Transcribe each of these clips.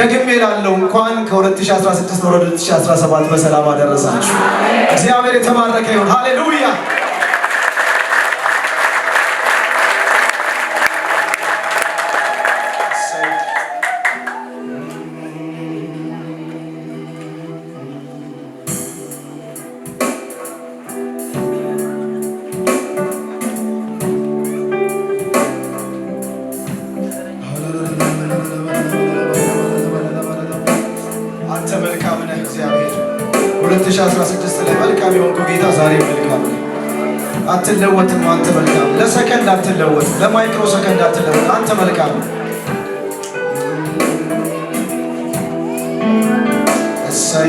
ደግሜ እላለሁ እንኳን ከ2016 ወደ 2017 በሰላም አደረሳችሁ። እግዚአብሔር የተባረከ ይሁን። ሃሌሉያ 16 ላይ መልካም የሆንኩ ጌታ ዛሬ መልካም ነው። አትለወጥም። አንተ መልካም ለሰከንድ አትለወጥ፣ ለማይክሮ ሰከንድ አትለወጥ። አንተ መልካም እሳይ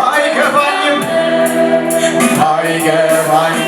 I Tiger, Tiger.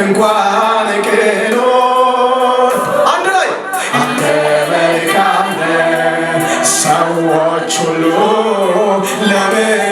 እንኳን ቅኖ አንድ ላይ አንተ መልካም ሰዎች ሁሉ ለምን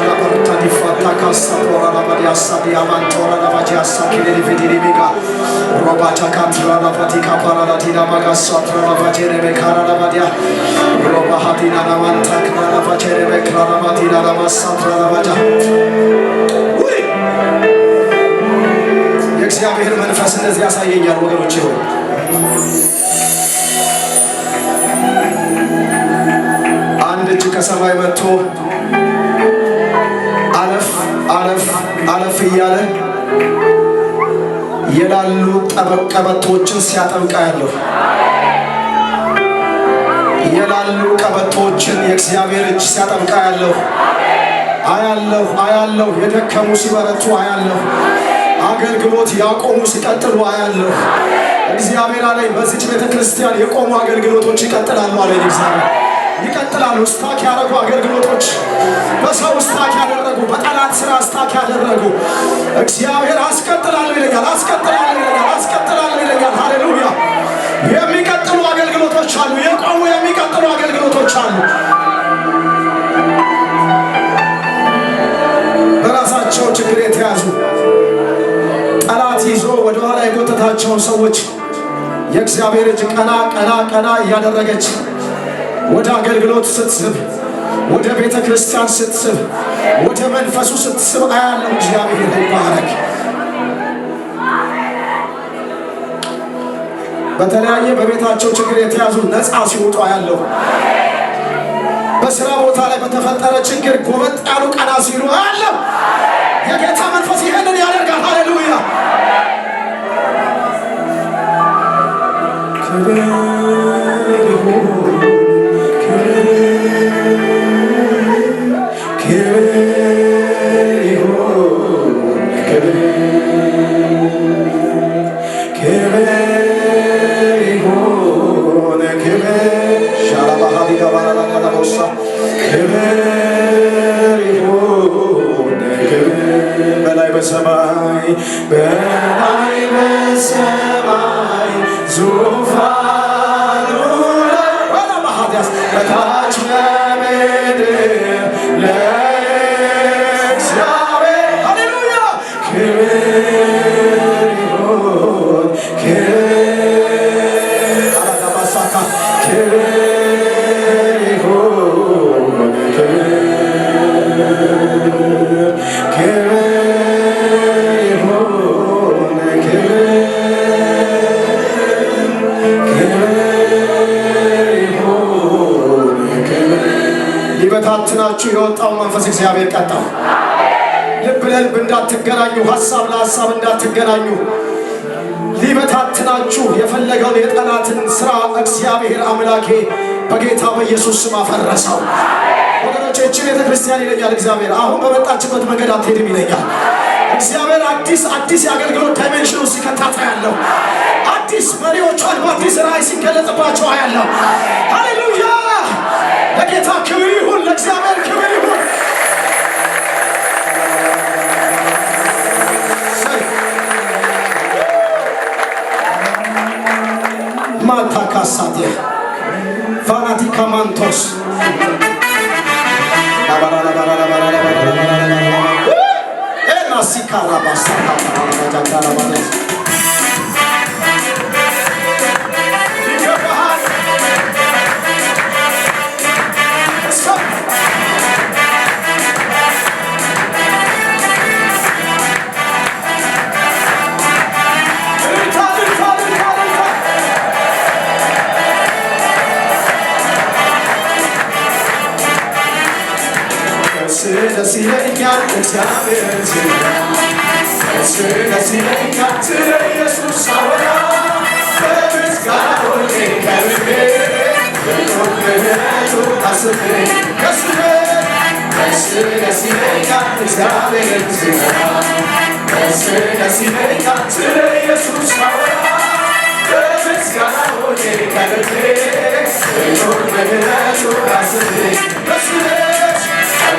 ሻራባርታ ዲፋታ ካሳ ፖራና ማዲያሳ ዲያማን ቶራና ማጂያሳ ኪሌሪ ቪዲሪ ሚጋ ሮባታ ካትራና ፋቲካ ፓራና ዲና ማጋሳ ትራና ፋቴሬ ሜካራና ማዲያ ሮባ ሀዲና ናማንታ ክራና ፋቴሬ ሜክራና ማዲና ናማሳ ትራና ማጃ የእግዚአብሔር መንፈስ እንደዚህ ያሳየኛል ወገኖች ሆይ አንድ እጅ ከሰማይ መጥቶ እያለ የላሉ ቀበቶዎችን ሲያጠምቃ ያለሁ የላሉ ቀበቶችን የእግዚአብሔር እጅ ሲያጠምቃ ያለሁ አያለሁ አያለሁ። የደከሙ ሲበረቱ አያለሁ። አገልግሎት ያቆሙ ሲቀጥሉ አያለሁ። እግዚአብሔር አለኝ በዚች ቤተ ክርስቲያን የቆሙ አገልግሎቶች ይቀጥላሉ አለኝ እግዚአብሔር ይቀጥላሉ። ስታክ ያደረጉ አገልግሎቶች በሰው ስታክ ያደረጉ፣ በጠላት ስራ ስታክ ያደረጉ እግዚአብሔር አስቀጥላለሁ ይለኛል፣ አስቀጥላለሁ ይለኛል፣ አስቀጥላለሁ ይለኛል። ሃሌሉያ! የሚቀጥሉ አገልግሎቶች አሉ። የቆሙ የሚቀጥሉ አገልግሎቶች አሉ። በራሳቸው ችግር የተያዙ ጠላት ይዞ ወደኋላ የጎተታቸውን ሰዎች የእግዚአብሔር እጅ ቀና ቀና ቀና እያደረገች ወደ አገልግሎት ስትስብ፣ ወደ ቤተ ክርስቲያን ስትስብ፣ ወደ መንፈሱ ስትስብ አያለው። እግዚአብሔር ይባረክ። በተለያየ በቤታቸው ችግር የተያዙ ነፃ ሲወጡ አያለሁ። በስራ ቦታ ላይ በተፈጠረ ችግር ጎበጥ ያሉ ቀና ሲሉ አያለሁ። የጌታ መንፈስ ይህንን ያደርጋል። ሃሌሉያ ለኢየሱስ ክብር ይሁን በላይ በሰማይ በላይ በሰማይ ዙፋኑ ላይ በታች በምድር ከሕዝናችሁ የወጣው መንፈስ እግዚአብሔር ቀጣው። ልብ ለልብ እንዳትገናኙ፣ ሀሳብ ለሀሳብ እንዳትገናኙ ሊበታትናችሁ የፈለገውን የጠላትን ሥራ እግዚአብሔር አምላኬ በጌታ በኢየሱስ ስም አፈረሰው። ወገኖች እችን ቤተ ክርስቲያን ይለኛል እግዚአብሔር አሁን በመጣችበት መንገድ አትሄድም ይለኛል እግዚአብሔር። አዲስ አዲስ የአገልግሎት ውስጥ ሲከታታ ያለው አዲስ መሪዎቿን በአዲስ ራእይ ሲገለጽባቸው ያለው ለጌታ ክብር ይሁን፣ ለእግዚአብሔር ክብር ይሁን። ማታ ካሳቴ ቫናቲ ከማንቶስ ናሲካራባሳ ደስ ይለኛል እግዚአብሔርን ስለ ደስ ይለኛል ስለ ኢየሱስ ሳወራ በምስጋና ሆኜ ከልቤ በጦርነቱ አስቤ ደስ ደስ ደስ ይለኛል እግዚአብሔርን ስለ ኢየሱስ